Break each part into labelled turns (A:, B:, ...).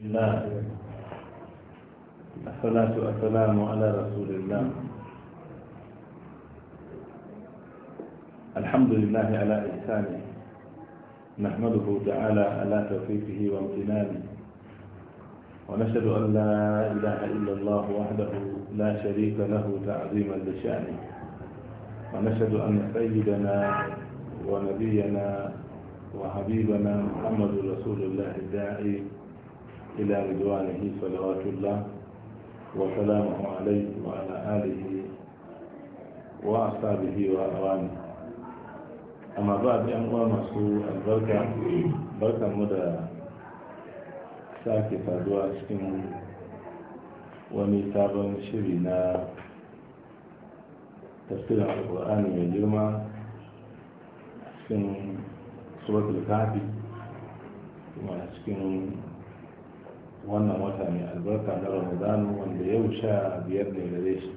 A: الله الصلاة والسلام على رسول الله الحمد لله على إحسانه نحمده تعالى على توفيقه وامتنانه ونشهد أن لا إله إلا الله وحده لا شريك له تعظيما لشأنه ونشهد أن سيدنا ونبينا وحبيبنا محمد رسول الله الداعي إلى رضوانه صلوات الله وسلامه عليه وعلى آله وأصحابه وأوانه أما بعد أنواع مسوء البركة بركة مدى sake faruwa cikin wani sabon shiri na tafsirin alkur'ani mai girma cikin suratul kafi cikin wannan wata mai albarka na ramadanu wanda yau sha biyar ne gare shi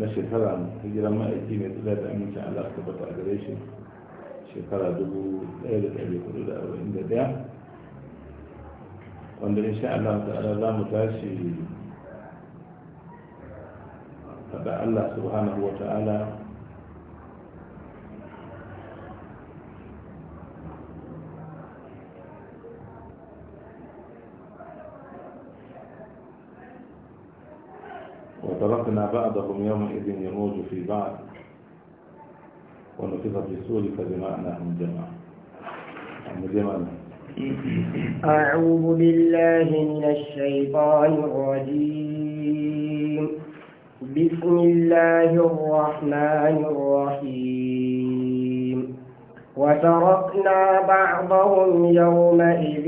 A: na shekara hijiran ma'aiki mai tsada da aminci allah ta bata a gare shi shekara 1441 wanda insha allah ta ta'ala za mu tashi da allah subhanahu wa ta'ala وتركنا بعضهم يومئذ يموج في بعض ونفخ في السور فجمعناهم يعني جمعا
B: أعوذ بالله من الشيطان الرجيم بسم الله الرحمن الرحيم وتركنا بعضهم يومئذ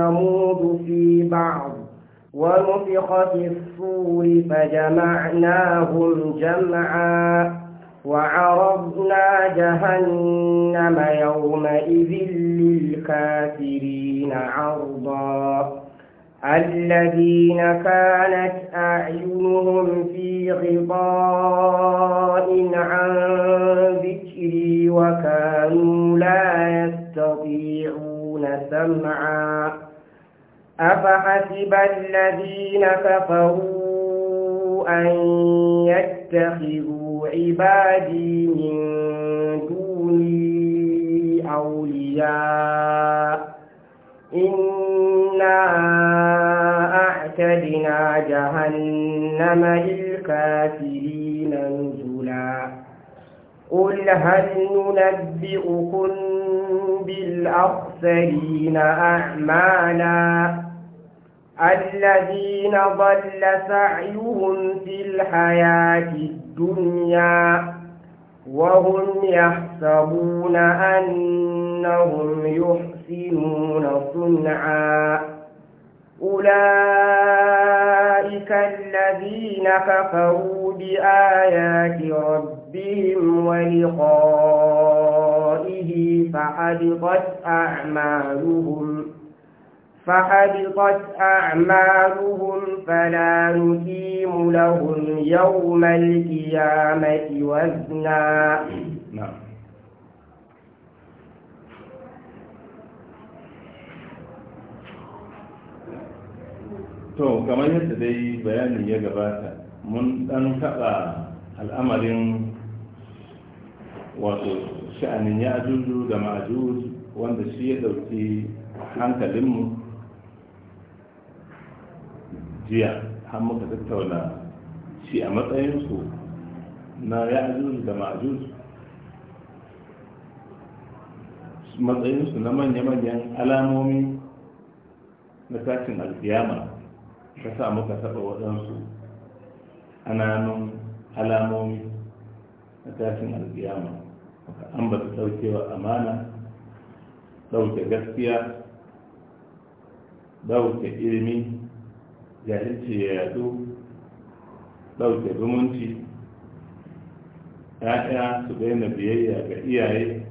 B: يموت في بعض ونفخ في الصور فجمعناهم جمعا وعرضنا جهنم يومئذ للكافرين عرضا الذين كانت أعينهم في غطاء عن ذكري وكانوا لا يستطيعون سمعا أفحسب الذين كفروا أن يتخذوا عبادي من دوني أولياء إنا أعتدنا جهنم للكافرين نزلاً قل هل ننبئكم بالأخسرين أعمالا الذين ضل سعيهم في الحياة الدنيا وهم يحسبون أنهم يحسنون صنعا أولئك الذين كفروا بآيات ربهم ولقائه فحبطت أعمالهم فحبطت أعمالهم فلا نقيم لهم يوم القيامة وزنا
A: to kamar yadda dai bayanin ya gabata mun dan taɓa al'amarin wato sha'anin ya ajuju da ma'ajuj wanda shi ya ɗauki hankalinmu jiya har muka tattauna shi a matsayinsu na ya ajuju da ma'ajuj matsayinsu na manya-manyan alamomi na tashin alfiyama. ka sa muka taɓa waɗansu ƙananun alamomi na tashin alƙiyama maka ambata ɗaukewa amana ɗauke gaskiya ɗauke ilimi jahilci ya yadu ɗauke zumunci ‘ya'ya su daina biyayya ga iyaye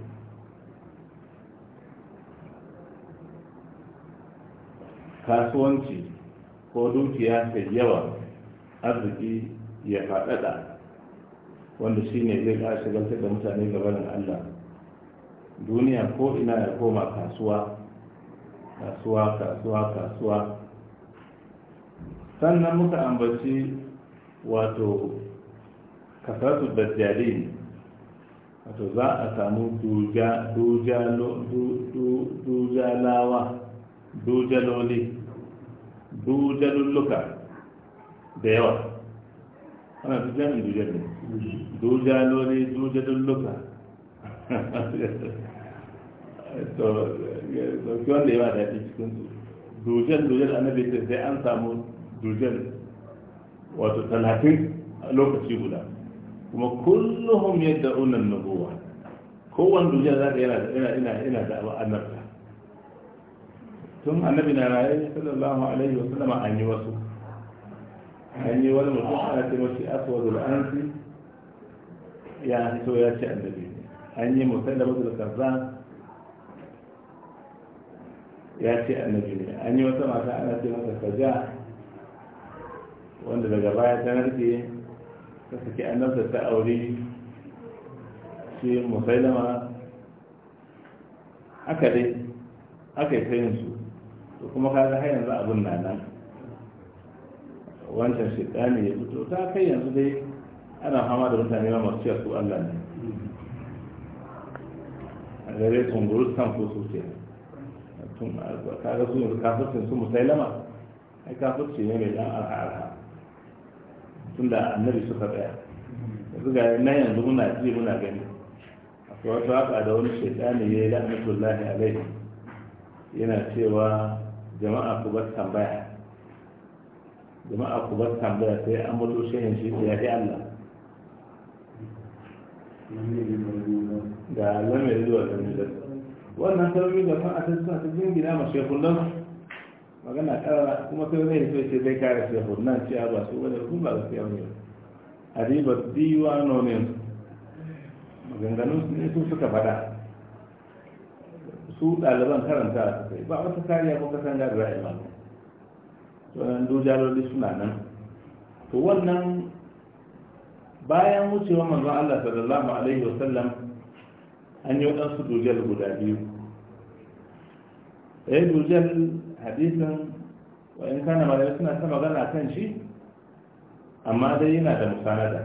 A: kasuwanci ko dukiya ta yawa arziki ya faɗaɗa wanda shi ne zai ka shigaltar da mutane gabanin allah duniya ko ina ya koma kasuwa kasuwa kasuwa kasuwa sannan muka ambaci wato kasatu jari wato za a samu dujalawa dujaloli dujalulluka da yawa ana ne to da yafi cikin su dujal annabi ta sai an samu dujal wato talatin lokaci guda kuma kullum yadda unan nabuwa kowane dujal za ka yana da annabta tun annabi na raye sallallahu alaihi sallama an yi wasu an yi wani mutum ana ce mashi aswadu fi ya fito ya ce annabi an yi mutum da mutum kaza ya ce annabi ne an yi wata mata ana ce mata kaja wanda daga baya ta narke ta saki annabta ta aure shi musailama aka dai aka yi sayin su to kuma kaga har yanzu abun na nan wancan shaitani ya fito ta kai yanzu dai ana fama da mutane ma masu cewa su Allah ne a gare tsungurus kan ko su ce kaga su yanzu kafircin su musailama ai kafirci ne mai dan arha tun da annabi suka tsaya yanzu ga na yanzu muna ji muna gani akwai wata waka da wani shaitani ya yi la'anatullahi alaihi yana cewa jama'a ku bar tambaya jama'a ku bar tambaya sai an bato shehin shi ya fi Allah ga lamarin zuwa lamarin wannan sarari da kan a suna ta jingina ma shekun nan magana kara kuma sai zai so sai zai kare shekun nan cewa ba su wani kun ba su yawon yau a ribar diwa nonin maganganun su ne su suka fada su ɗaliban karanta a suka ba wata kariya ko katanga da ra'ayi malu wannan dojaloli suna nan to wannan bayan wucewa manzon Allah sallallahu alaihi wa sallam an yi waɗansu dujal guda biyu ɗaya eh, dujal hadisin in kana malamai suna ta magana kan shi amma dai yana da musanada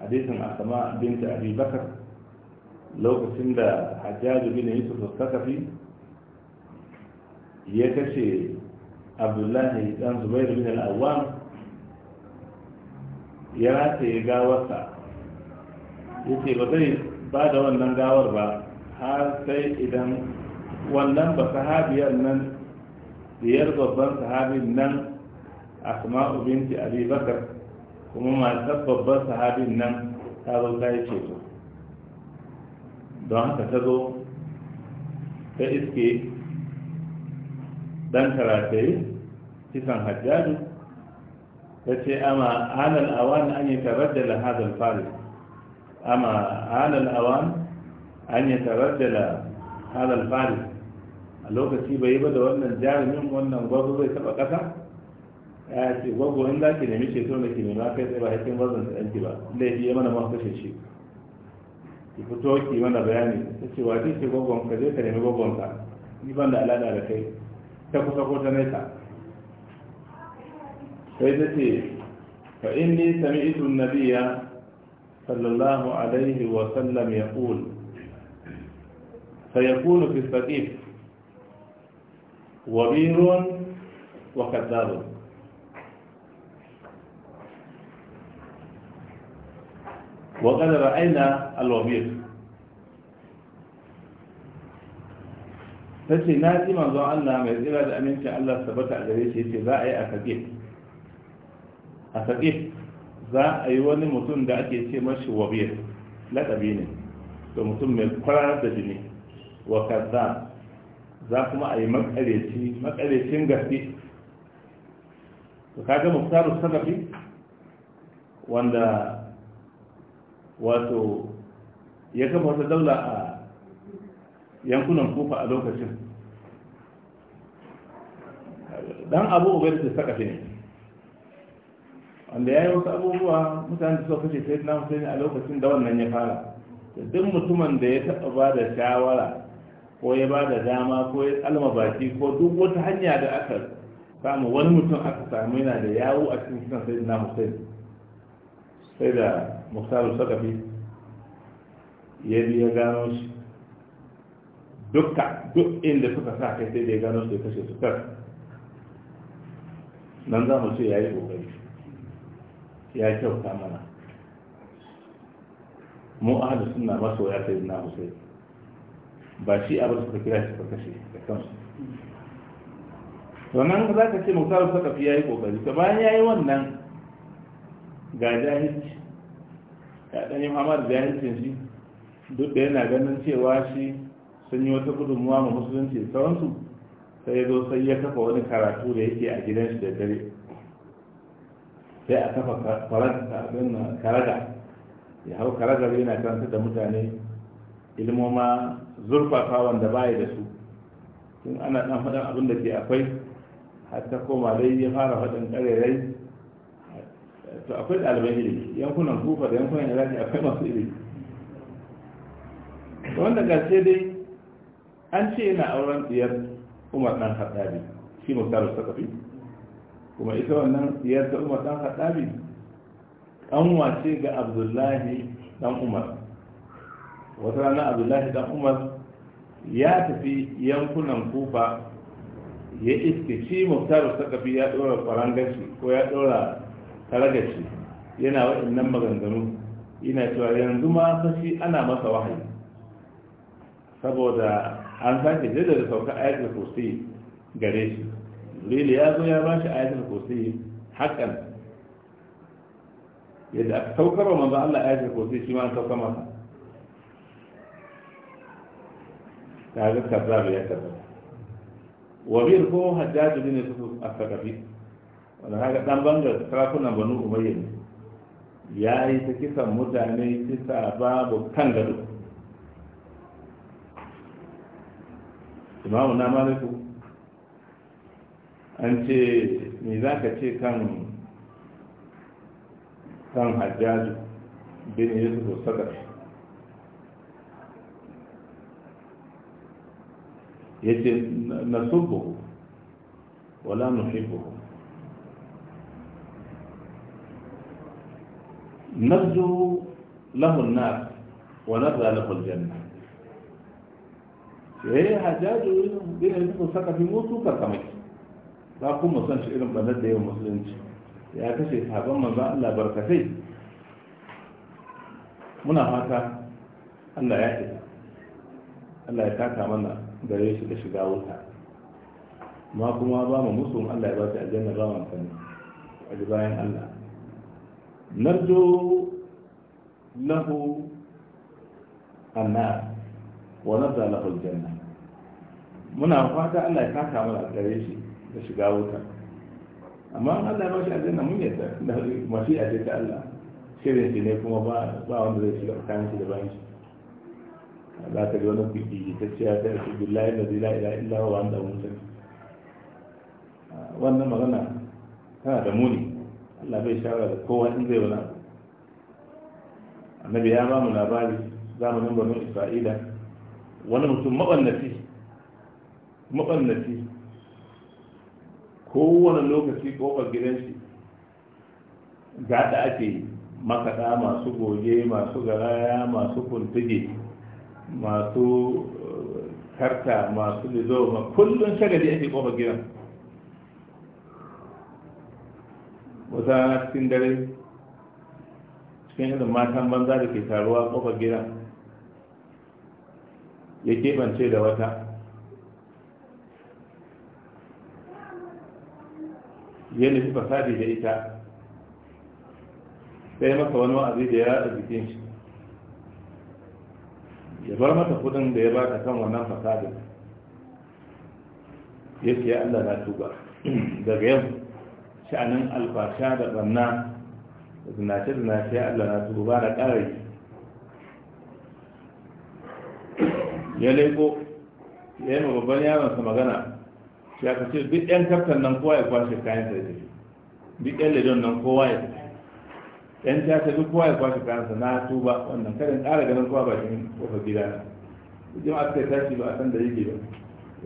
A: hadisin asama binta abi bakar lokacin da hajjaju bin yusuf sakafi ya kashe abdullahi dan zubairu bin Al-Awwam ya ya gawarsa ya ce ba zai ba da wannan gawar ba har sai idan wannan ba sahabiyar nan biyar babban sahabin nan asma'u binti abubakar kuma masu babban sahabin nan ta zo ta yi ceto don haka ta zo ta iske dan karatai kisan hajjaji ta ce ama alal awan an yi taraddala hadal fari. ama alal awan an yi taraddala hadal fari. a lokaci bai yi ba da wannan jarumin wannan gwazo zai taba kasa ya ce gwagwa in za ki nemi ceto na ki nema kai tsaye ba haifin gwazon ta ɗanki ba laifi ya mana ma kashe shi ki fito ki mana bayani ta ce wa ce gwaggon ka je ka nemi gwaggon ka ni ban da alaƙa da kai ta kusa ko ta nesa sai ta ce fa inni sami'tu an-nabiyya sallallahu alaihi wa sallam yaqul sayakunu fi saqif وبير وكذاب وقد رأينا الوبير tace na ji manzon Allah mai tsira da aminci Allah sabata a gare shi yace za a yi a saqif a saqif za a yi wani mutum da ake ce mashi wabir laƙabi ne da mutum mai kwarar da jini wa kaza za kuma a yi makareci makarecin gaske to kaga muktaru sadafi wanda wato ya kama wata daula a yankunan kufa a lokacin dan abu ubai da saka ne wanda ya yi wasu abubuwa mutane da suka kashe sai na hussein a lokacin da wannan ya fara da duk mutumin da ya taɓa ba da shawara ko ya ba da dama ko ya tsalma baki ko duk wata hanya da aka samu wani mutum aka samu yana da yawo a cikin sai na hussein sai da muktaru sakafi ya biya gano shi dukka duk inda suka sa kai sai da ya gano su ya kashe su kar nan za mu ce ya yi ƙoƙari ya kyauta mana mu ahalu suna ya sai na hussein ba shi da suka kira shi suka kashe da kansu to nan za ka ce muktar sakafi ya yi ƙoƙari to bayan ya yi wannan ga jahilci ya ɗan yi hamar da jahilcin shi duk da yana ganin cewa shi sun yi wata gudunmuwa ma musulunci sauransu sai ya zo sai ya kafa wani karatu da yake a gidan shi da dare sai a kafa karaga ya hau karagar yana karanta da mutane ilmoma zurfafa wanda baya da su tun ana ɗan faɗin abin da ke akwai hatta koma dai ya fara faɗin ƙarerai to akwai ɗaliban ilimi yankunan kufa da yankunan iraki akwai masu ilimi wanda ƙarshe dai an ce yana auren ɗiyar umar ɗan haɗabi shi ta kafi kuma ita wannan ɗiyar ta umar ɗan haɗabi an wace ga abdullahi ɗan umar wata rana abdullahi ɗan umar ya tafi yankunan kufa ya iske shi ta sakafi ya ɗora ƙwaron gashi ko ya ɗora taragashi yana wa'annan maganganu ina cewa yanzu ma fashi ana masa wahayi saboda an sake jirgin da sauka ayatul kursi gare shi lili ya zo ya ba shi ayatul kursi hakan yadda aka saukar wa manzo Allah ayatul kursi shi ma an sauka masa ta ga kaza ya kaza wa bir ko hajjajin ne su a sakafi wanda haka dan bangar sarakunan banu umayya ne ya yi ta kisan mutane kisa babu kan gado imamu na maliku an ce me za ka ce kan kan hajjaju bin ko sadar ya ce na subu wala buhu nabzu lahun nar wa nabza lahul janna sai hajjaju irin irin su saka fi mutu karkamaki za ku mu shi irin bandar da yawan musulunci ya kashe sahabban manzo Allah barkatai muna fata Allah ya isa Allah ya taka mana gare shi da shiga wuta ma kuma ba mu musu Allah ya ba ta aljanna ba mu kan aji bayan Allah نرجو له النار ونرجو له الجنة muna fata Allah ya kaka mana gare shi da shiga wuta amma Allah ya bashi aljanna mun yadda da mafi a ta Allah shirin shi ne kuma ba wanda zai shiga kayan da bayan shi wani kuɗi ta ce ta yi billahi da zila ila illa wa wanda mun sani wannan magana tana da muni na bai shawara da kowa in zai wani abu annabi ya ba mu labari zamanin banu isra'ila wani mutum maɓannafi maɓannafi kowane lokaci ƙofar gidan shi gaɗa ake makaɗa masu goge masu garaya masu kuntuge masu eh, karta masu lizo kullum shagali ake ƙofar gidan wata cikin dare cikin irin matan banza da ke taruwa kofar gida ya keɓance da wata ya nufi fasadi da ita sai maka wani wa'azi da ya rada jikin shi ya bar mata kudin da ya baka kan wannan fasadin ya ce Allah na tuba daga yau sha'anin alfasha da banna da zinace-zinace Allah na su ba da ƙarai ya leko ya yi babban yaronsa magana ya ka ce duk 'yan kaftan nan kowa ya kwashe kayan sa duk 'yan ledon nan kowa ya yan tata duk kowa ya kwashe kayan sa na tuba wannan karin ƙara ganin kowa ba shi kofar gida na jama'a suka tashi ba a san da yake ba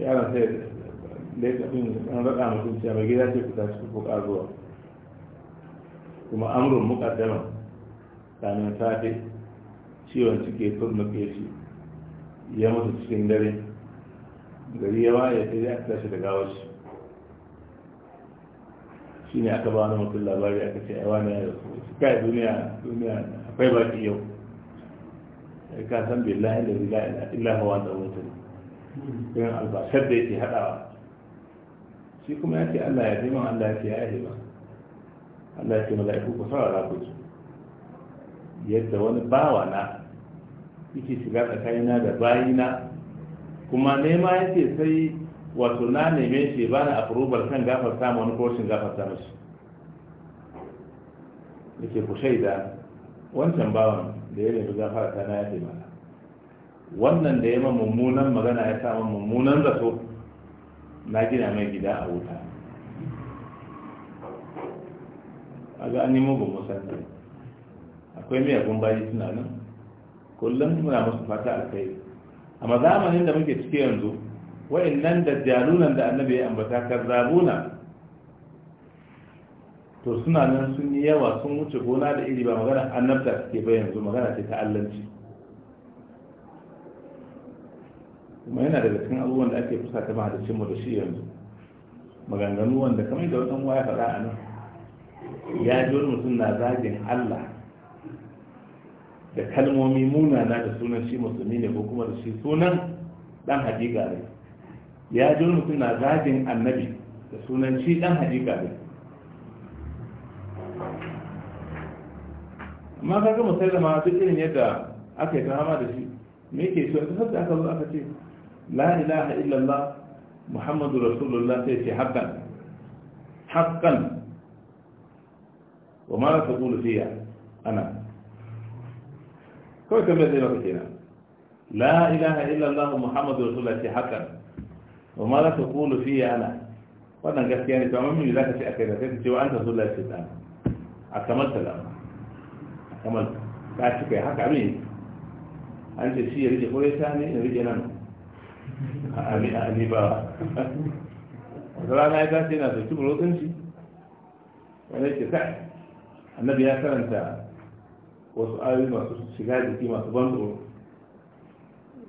A: yaron sai da ya tafi an raɗa mu cewa mai gida ce ku tashi ku ƙa zuwa kuma amrun muƙaddama kamin safe ciwon cike turnuke shi ya mutu cikin dare gari ya waye sai aka tashi da gawar shi ne aka ba wani mutum labari aka ce ai wani ya rasu shi kai duniya duniya akwai baki yau sai ka san billahi da billahi illa hawa da mutum irin albashar da yake haɗawa shi kuma ya ce Allah ya zima Allah ya ce ya yi ba Allah ya ce mala'iku ku saurara ku ji yadda wani bawa na yake shiga tsakanina da bayina kuma nema ce sai wato na neme shi ba na approval kan gafar samu wani koshin shi. mashi yake ku shaida wancan bawan da ya nemi ta na ya ce mana wannan da ya ma mummunan magana ya sa mummunan zato na gina mai gida a wuta a ga an yi mugun musanta akwai miyagun bayi suna nan kullum muna musu fata a kai amma zamanin da muke ciki yanzu nan da jalunan da annabi ya ambata kazzabuna to suna nan sun yi yawa sun wuce gona da iri ba magana annabta suke bayanzu, yanzu magana ce ta allanci kuma yana daga cikin abubuwan da ake fusa ta da mu da shi yanzu maganganu wanda kamar da wani waya faɗa a nan ya ji wani mutum na zagin Allah da kalmomi munana da sunan shi musulmi ne ko kuma da shi sunan dan hadiga ne ya ji wani mutum na zagin annabi da sunan shi dan hadiga ne amma kaga ma duk irin yadda aka yi ta hama da shi me ke so ta sabda aka zo aka ce la ilaha illallah muhammadu rasulullah sai ce hakan hakan wa ma ta ƙulu fiya ana kawai kamar zai maka kenan la ilaha illallah muhammadu rasulullah sai hakan wa ma ta ƙulu fiya ana wannan gaskiya ne to amma mini za ka ce a kai da sai ka ce wa an rasulullah sai ɗan a kamar salama a kamar ta ci kai haka ne an ce shi ya rike ƙure ta ne ya rike nan a ali ba wata rana ya tashi yana sauki burotunci wanda ke ta annabi ya karanta wasu ayoyi masu shiga jiki masu ban tsoro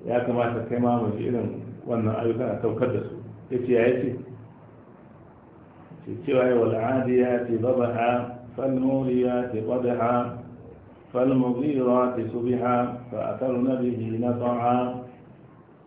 A: ya kamata kai ma mace irin wannan ayyukan a saukar da su ya ce ya ce cewa ya wal'adi ya ce babaha falmuriya ce ƙwadaha falmuriya ce subiha fa a karu na bihi na tsara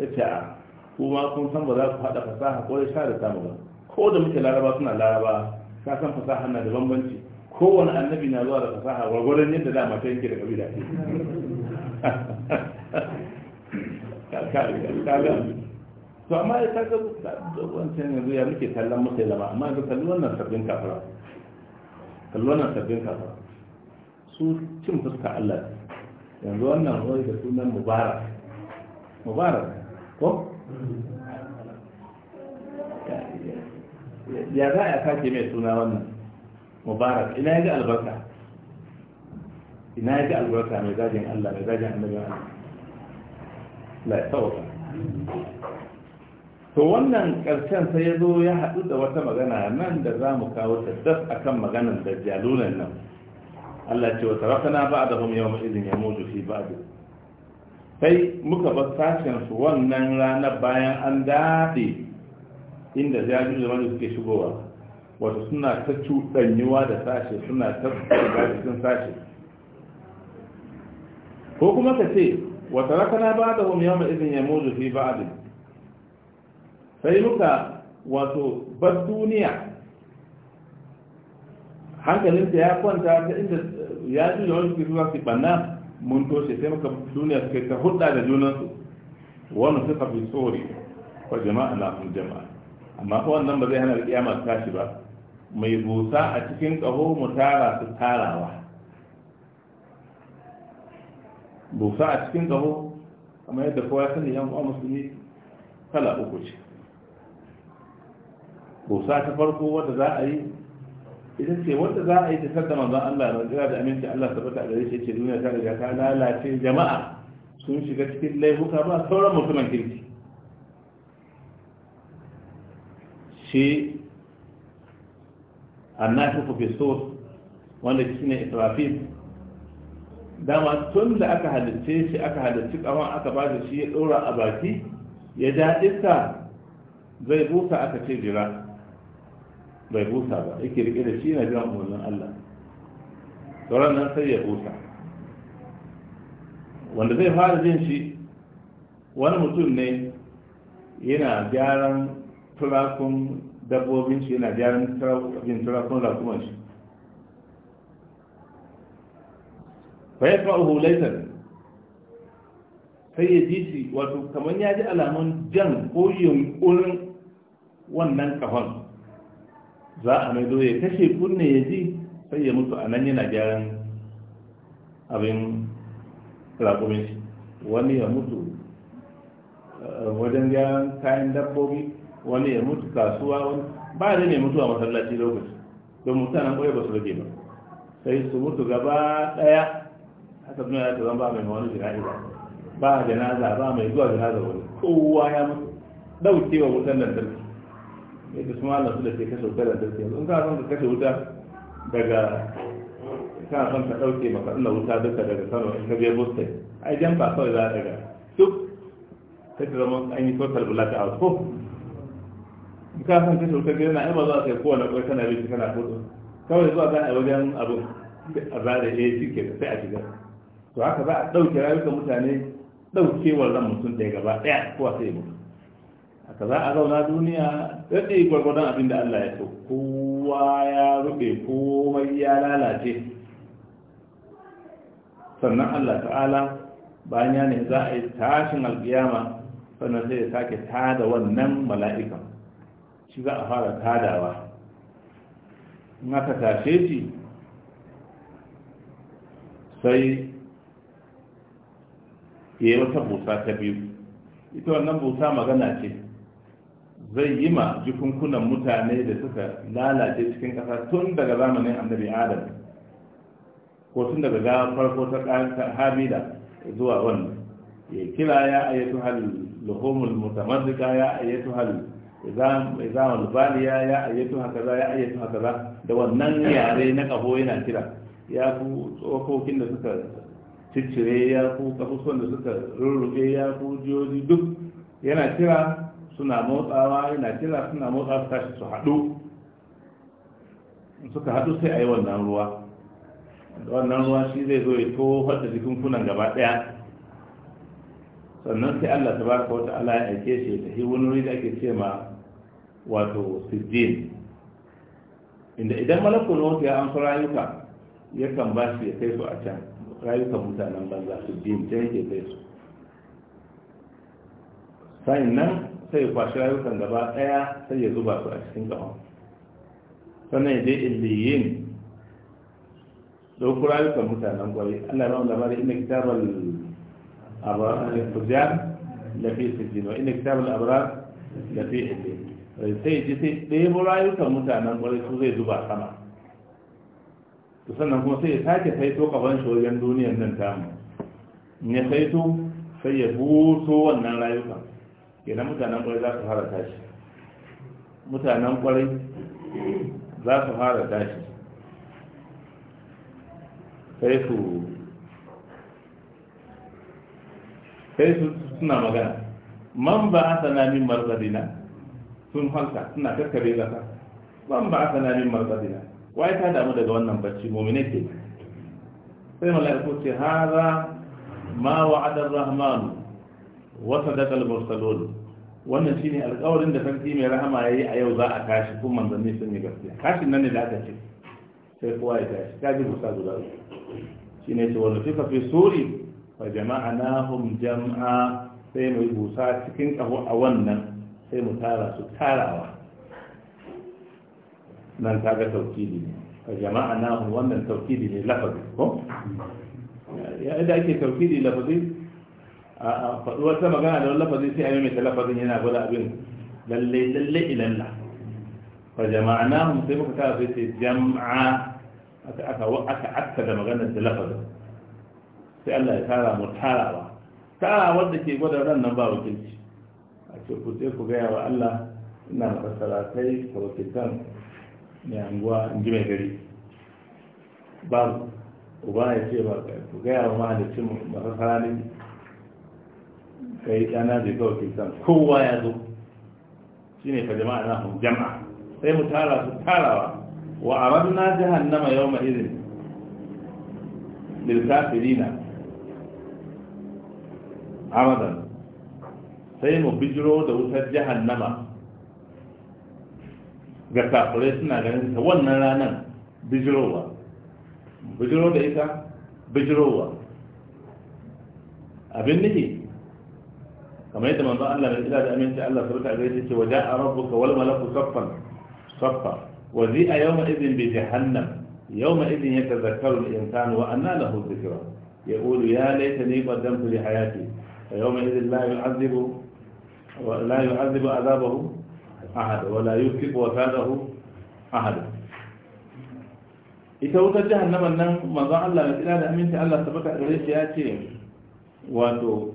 A: ya ce a ah, kuma kun san ba za ku haɗa fasaha ko da sha da samu ba ko da muke laraba suna laraba ka san fasaha na da bambanci kowane annabi na zuwa da fasaha gwargwaron yadda da mata yanke da kabila ce to amma ya kaga wancan yanzu ya muke kallon musulama amma ga kalli wannan sabbin kafara kalli wannan sabbin kafara su cin fuska Allah yanzu wannan wani da sunan mubarak mubarak ko ya za a sake mai suna wannan mubarak ina ya albarka ina ya albarka mai zajen Allah mai zagin annabi Allah la tawaka to wannan karshen sai ya zo ya haɗu da wata magana nan da za mu kawo tabbas akan maganar dajjalunan nan Allah ce wa tarafana ba'dahum yawma idhin yamuju fi ba'd sai muka bar sashen su wannan ranar bayan an daɗe inda a da wanda suke shigowa wasu suna ta cuɗanyewa da sashe suna ta shiga cikin sashe ko kuma ka ce wata rakana ba da hum yawma izin ya muzu fi abin sai muka wato bar duniya hankalinta ya kwanta ta inda ya ji da wani suke zuwa su ɓanna mun toshe sai muka duniya suka ta hudda da junansu wani suka fi tsori wa jama'a na kun jama'a amma ko wannan ba zai hana alƙiyama tashi ba mai busa a cikin ƙaho mu tara su tarawa busa a cikin ƙaho kamar yadda kowa sani yan uwa musulmi kala uku ce busa ta farko wadda za a yi ita ce wanda za a yi tafiyar da manzon Allah na jira da aminci Allah ta bata da shi ce duniya ta riga ta lalace jama'a sun shiga cikin laifuka ba sauran mutumin kirki shi annashiku fi so wanda shi ne israfil dama tun da aka halitta shi aka halitta kawan aka ba shi ya ɗora a baki ya ja iska zai busa aka ce jira bai busa ba yake rike da shi na jiran umarnin Allah sauran nan sai ya busa wanda zai fara jin shi wani mutum ne yana gyaran turakun dabbobin shi yana gyaran turakun rakuman shi fa ya uhu sai ya ji shi wato kamar ya ji alamun jan ko yunkurin wannan kafan za a maido ya kashe kunne ya ji sai ya mutu a nan yana gyaran abin raƙumin shi wani ya mutu eh, wajen gyaran kayan dabbobi wani ya mutu kasuwa wani ba da mutu a masallaci lokaci don mutanen ɓoye ba su rage ba sai su mutu gaba ɗaya haka suna ta zama ba mai wani jira'i ba ba janaza ba mai zuwa janaza wani kowa ya mutu ɗaukewa wutan lantarki yadda su malam su da ke kashe da lantarki yanzu in ka son ka kashe wuta daga kana son ka dauke maka ina wuta duka daga kano in ka je boston ai jan ba kawai za a daga duk ta ce zama an yi total black out ko in ka son kashe wuta gina ai ba za a kai kowane kawai kana bi kana kudu kawai zuwa za a wajen abin a da ya yi ke sai a shiga to haka za a dauke rayukan mutane daukewar ran mutum ɗaya gaba ɗaya a sai mutum haka za a zauna duniya daɗe gwargwadon abin da Allah ya so kowa ya rufe komai ya lalace sannan Allah ta'ala bayan ya ne za a yi tashin alƙiyama sannan sai ya sake tada wannan mala'ikan shi za a fara tadawa in aka tashe shi sai ya yi wata busa ta biyu ita wannan busa magana ce zai yi ma jikunkunan mutane da suka lalace cikin ƙasa tun daga zamanin annabi adam ko tun daga ga farko ta hamida zuwa wannan ya kira ya ayyatu hal luhumul mutamazzika ya ayyatu hal izamul baliya ya ayyatu za ya ayyatu za da wannan yare na kaho yana kira ya ku tsokokin da suka ciccire ya ku kafusuwan da suka rurrufe ya ku jiyoyi duk yana kira suna motsawa yana kira suna motsa su tashi su haɗu suka haɗu sai a yi wannan ruwa wannan ruwa shi zai zo ya tohar da kunan gaba ɗaya sannan sai allah ta baka wata ala ya aike shi ta hi wani wuri da ake ce ma wato sijjin inda idan malakul mawut ya amsa rayuka yakan ba shi ya kai su a can rayukan mutanen banza sijjin ta yake kai su sa'in nan sai ya kwashi rayukan gaba ɗaya sai ya zuba su a cikin gaba sannan ya je illiyin ɗauku rayukan mutanen gwari allah ya bari ina kitabar al-fujar da fi sijin wa kitabar abrar da fi illiyin sai ji sai ɗaya rayukan mutanen gwari su zai zuba sama to sannan kuma sai ya sake saito kaban shi wajen duniyar nan mu in ya saito sai ya buto wannan rayukan kenan mutanen kwarai za su fara tashi mutanen kwarai za su fara tashi sai su sai su suna magana man ba a sanamin marzadina sun halka suna karkare zaka man ba a sanamin marzadina wai ta damu daga wannan bacci momine ke sai mala'iku ce haza ma wa'adar rahmanu wasa dakal mursalun wannan shine alƙawarin da sarki mai rahama yayi a yau za a tashi kuma manzanni sun yi gaskiya tashin nan ne da aka ce sai kowa ya tashi kaji musa guda uku shine ce wanda fifa fi suri fa jama'anahum jam'a sai mu busa cikin kaho a wannan sai mu tara su tarawa nan ta ga tawkili ne fa jama'anahum wannan tawkili ne lafazi ko ya da ake tawkili lafazi a faɗi wata magana da wani lafazin sai a yi mai lafazin yana gwada abin lalle lalle ilalla fa jama'ana hum sai muka kawo sai sai jama'a aka aka aka aka da maganar da lafazin sai Allah ya tara mu tarawa Tara wanda ke gwada ran nan ba wakilci a ce ku sai ku gaya wa Allah ina fassara kai ka wakiltan mai anguwa in ji mai gari Ba uba ya ce ba ku gaya wa mahalicin mu ba fassara ne ka yi ɗana bai kawai ke san kowa ya zo shi ne ka jama'a na hun jama'a sai mu tara su tarawa wa a ranar jahannama yau ma izin lilkafirina amadan sai mu bijiro da wutar jahannama ga kafirai suna ganin ta wannan ranar bijirowa bijiro da ita bijirowa abin nufi كما يتم أن أن من إله أمين تألى سبت عزيزيك وجاء ربك والملك صفا صفا وذيء يومئذ بجهنم يومئذ يتذكر الإنسان وأنى له الذكرى يقول يا ليتني قدمت لحياتي فيومئذ لا يعذب لا يعذب عذابه أحد ولا يكتب وفاده أحد إذا wuta جهنم أن من Allah na tsira da aminta Allah ta baka gare shi ya ce wato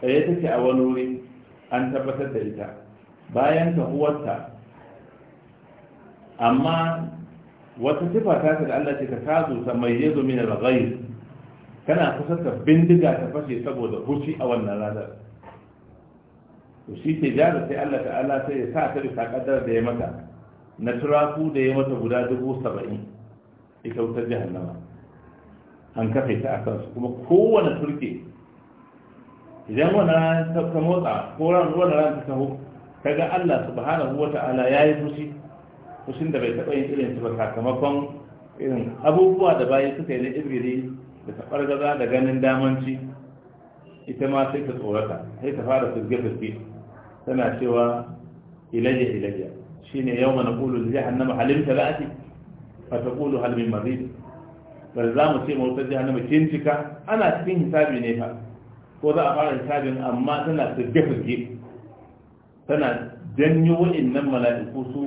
A: tsaye take a wani wuri an tabbatar da ita bayan tahuwarta amma wata sifa ta da Allah ce ka tazo ta mai yazo min al-ghayr kana kusa ta bindiga ta fashe saboda huci a wannan ranar to shi ke jara sai Allah ta'ala sai ya sa ta bisa kaddara da ya mata na turaku da ya mata guda dubu saba'in ita wutar jahannama an kafe ta a kansu kuma kowane turke idan wannan ran ta motsa ko ran wannan ran ta taho kaga Allah subhanahu ya yayi fushi fushin da bai taɓa yin irin su ba sakamakon irin abubuwa da bayi suka yi na izgiri da taɓar gaza da ganin damanci ita ma sai ta tsorata sai ta fara firge-firge tana cewa ilayya ilayya shine yau mana kulu zai hannama halin talati fa ta kulu halin mazid bari za mu ce mawutar jihannama kin cika ana cikin hisabi ne fa ko za a fara hisabin amma tana firge-firge tana janyo nan mala'iku su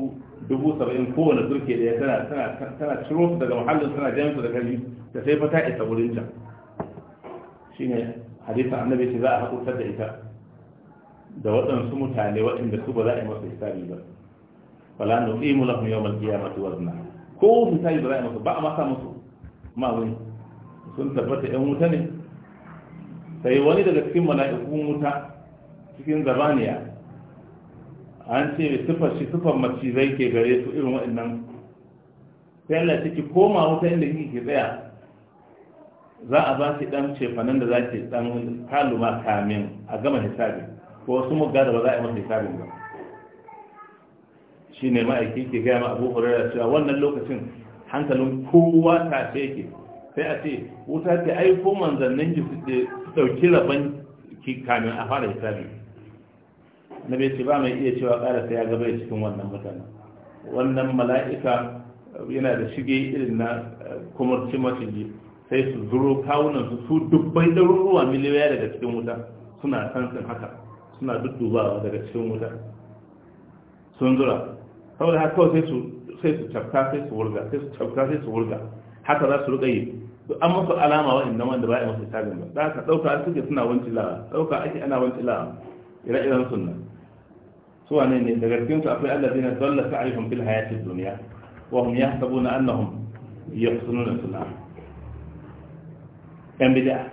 A: dubu saba'in kowane turke ɗaya tana tana tana ciro su daga muhallin tana janyo su da kari Ta sai fata isa wurin can shine hadisin annabi ce za a hakurtar da ita da waɗansu mutane waɗanda su ba za a yi masa hisabi ba fala mu lafi yau malkiya masu wazna ko hisabi ba za a yi masa ba a masa musu ma wani sun tabbata 'yan wuta ne sai wani daga cikin mala'ikun wuta cikin zabaniya an ce sifar shi sifar macizai ke gare su irin waɗannan sai Allah ki koma wuta inda kike ke tsaya za a ba shi dan cefanen da za ki dan kaluma kamin a gama hisabi ko wasu mugga da ba za a yi masa hisabin ba shi ne ma'aiki ke gaya ma abu hurairar cewa wannan lokacin hankalin kowa tashe ke sai a ce wuta ta aiko manzannin ki dauki rabon ki kamin a fara hisabi na bai ce ba mai iya cewa ƙarasa ya gaba cikin wannan mutane wannan mala'ika yana da shige irin na eh, kumarci maciji sai su zuro kawunan su su dubbai ɗaruruwa miliyoyi daga cikin wuta suna sansin haka suna dudduwa daga cikin wuta sun zura saboda haka kawai sai su cafka sai su wurga sai su cafka sai su wurga haka za su riƙa yi to an masu alama wa inda wanda ba ya musu tabin ba za ka ɗauka an suke suna wancilawa ɗauka ake ana wancilawa ire-iren sunna su wane ne daga cikin su akwai Allah, na dalla sa'ihum fil hayati dunya wa hum yahsabuna annahum yahsununa sunna yan bid'a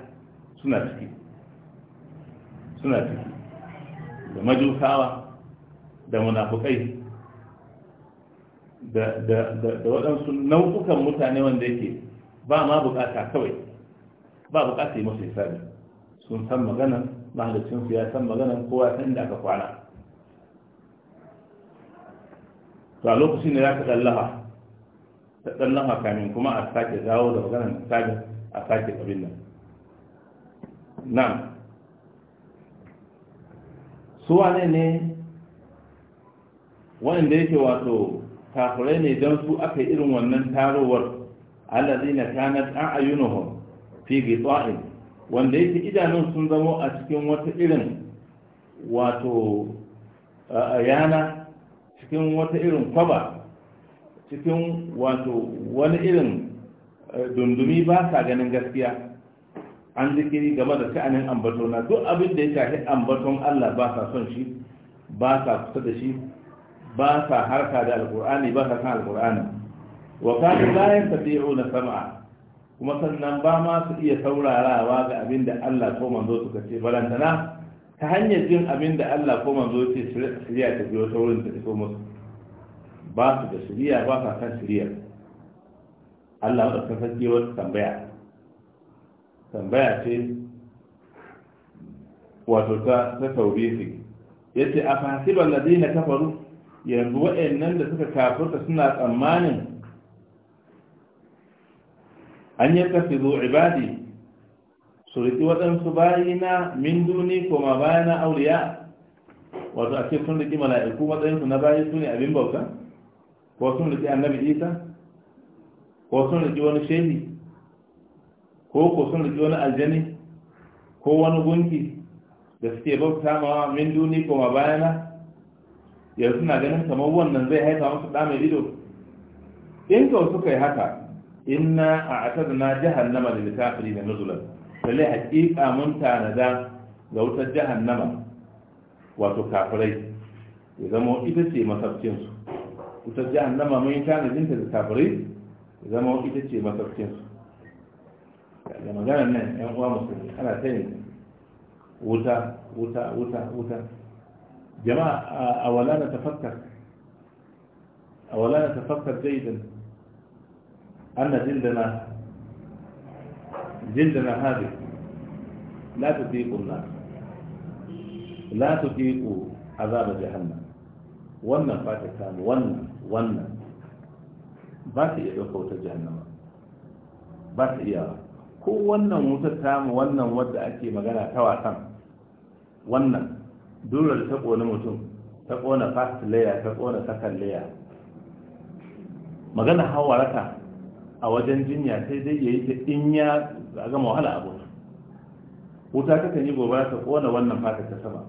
A: suna ciki suna ciki da majusawa da munafukai da waɗansu nau'ukan mutane wanda yake ba ma bukata kawai ba bukata yi masu hisabi sun san maganan su, ya san maganan kowa san inda aka kwana to a lokacin da ya ka tsallaha ta tsallaha kamin kuma a sake dawo da maganan hisabin a sake abin nan nan su wane ne wanda yake wato kafirai ne don su aka yi irin wannan tarowar alladhina kanat a'yunuhum fi ghita'in wanda yake idanun sun zamo a cikin wata irin wato yana cikin wata irin kwaba cikin wato wani irin eh, dundumi ba sa ganin gaskiya an zikiri game da sha'anin ambatona duk abin da ya shafi ambaton Allah ba sa son shi ba sa kusa da shi ba sa harka da alkur'ani ba sa san alkur'ani wa kanu la yastati'una sam'a kuma sannan ba ma su iya saurarawa ga abin da Allah ko manzo suka ce balantana ta hanyar jin abin da Allah ko manzo ce shirya ta biyo saurin ta tafi musu ba su da shirya ba sa kan shirya Allah ya kan sarki wata tambaya tambaya ce wato ta ta taurisi yace a fasiban ladina kafaru yanzu wa'annan da suka kafirta suna tsammanin an yi yattakhidhu ibadi su riki waɗansu bayina min duni koma bayana auriya wato a ce sun riki mala'iku matsayinsu na bayi su ne abin bauta ko sun riki annabi isa ko sun riki wani shehi ko ko sun riki wani aljani ko wani gunki da suke bauta ma min duni koma bayana yanzu na ganin kamar wannan zai haifa musu ɗa mai ido in kawai suka yi haka إنا أعتدنا جهنم للكافرين نزلا فليه آمنت منتانا دا لو تجهنم وتكافري إذا مو إتسي مصبتينس وتجهنم من كان جنت الكافرين إذا مو إتسي مصبتينس يعني ما قال أنه ينقوى مسلم أنا تاني وتا وتا وتا وتا جماعة أولا نتفكر أولا نتفكر جيداً أن جلدنا جلدنا هذه لا تطيق الناس لا تطيق عذاب جهنم wannan fata ta wannan wannan ba ta iya ɗauka wata jahannama ba ta iya ko wannan wutar tamu wannan wadda ake magana ta wasan wannan durar ta ƙone mutum ta ƙone fast layer ta ƙone second layer magana raka. a wajen jinya sai dai ya yi ta in ya gama wahala abu wuta ta kan yi gobara ta kona wannan fata ta sama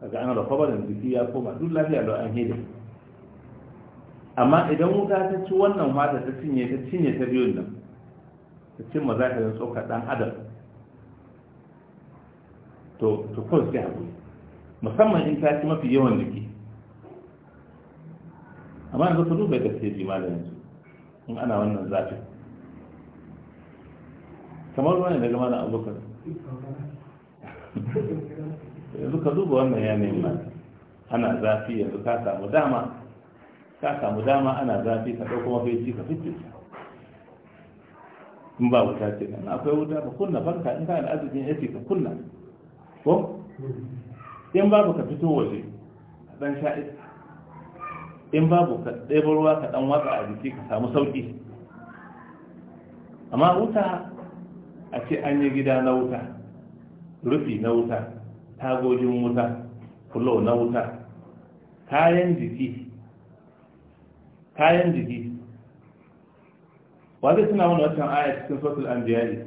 A: daga an rafa barin jiki ya koma duk lafiya da an hidin amma idan wuta ta ci wannan fata ta cinye ta cinye ta biyun nan ta cin mazakarin ka dan adam to to kawai sai abu musamman in ta ci mafi yawan jiki amma yanzu ta duba da sai jima'a da yanzu in ana wannan zafi kamar ruwa ne daga mana abokan yanzu ka duba wannan ya nema ana zafi yanzu ka samu dama ka samu dama ana zafi ka ɗauko mafi ka fitin in ba wuta ce nan akwai wuta ka kunna fanka in kana da arzikin yace ka kunna ko in babu ka fito waje dan sha iska in babu ka ɗebo ruwa ka ɗan watsa a jiki ka samu sauƙi amma wuta a ce an yi gida na wuta rufi na wuta tagogin wuta fulo na wuta kayan jiki kayan jiki wanda suna wani wancan aya cikin sosul an biyari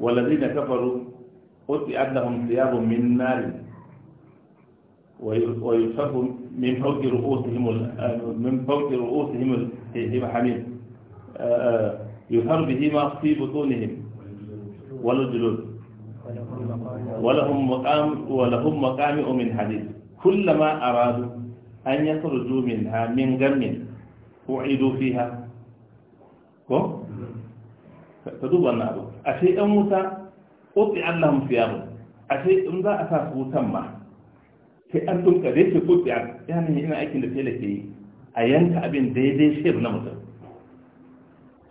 A: wallazi na kafaru ƙotu adahun siyabun min nari wa yi من فوق رؤوسهم آه، من فوق رؤوسهم إيه، إيه، حميم آه، آه، يثار به ما في بطونهم والجلود ولهم مقام ولهم مقام من حديد كلما أرادوا أن يخرجوا منها من غم أعيدوا فيها فتدوب النار أشيء موسى قطع لهم ثيابه أشيء لا أساس مسمى sai an tunka da yake ko a yanayin yin aikin da tela ke yi a yanka abin daidai shir na mutum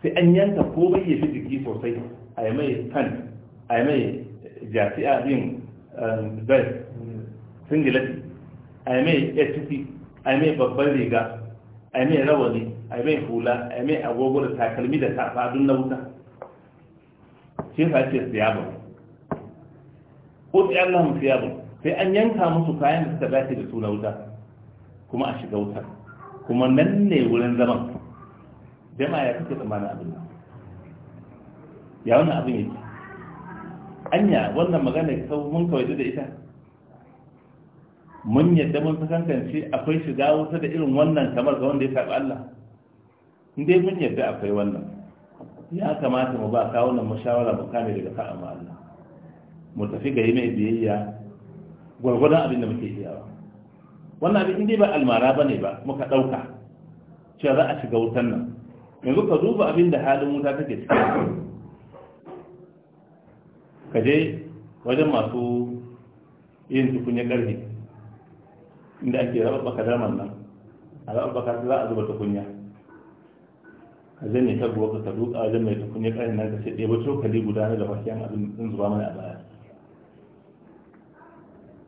A: sai an yanka ko bai ya fi jiki sosai a yi mai kan a yi mai jasi a yin zai um, singilati a yi mai htc a yi mai babban riga a yi mai rawani a yi mai hula a yi mai agogo da takalmi da safa don na wuta shi fa ce siyabon ko na hun siyabon sai an yanka musu kayan da suka dace da suna wuta kuma a shiga wuta kuma nan ne wurin zaman jama'a ya kake tsammanin abin nan ya wannan abin yake anya wannan magana ya sau mun kawai da ita mun yadda mun kankanci akwai shiga wuta da irin wannan kamar ga wanda ya saba Allah dai mun yadda akwai wannan ya kamata mu ba kawo nan mashawara mu kame daga ka'a ma Allah mu tafi ga yi mai biyayya gwargwadon abin da muke iyawa wannan abin inda ba almara ba ne ba muka ɗauka cewa za a shiga wutan nan yanzu ka duba abin da halin wuta take ciki ka je wajen masu yin tukunya ƙarfi inda ake baka kadaman nan a raɓaɓɓa kasa za a zuba tukunya ka ne ta guwa ka duka wajen mai tukunya ƙarfi nan ka ce ɗaya ba cokali guda na da wakiyan abin zuba mana a baya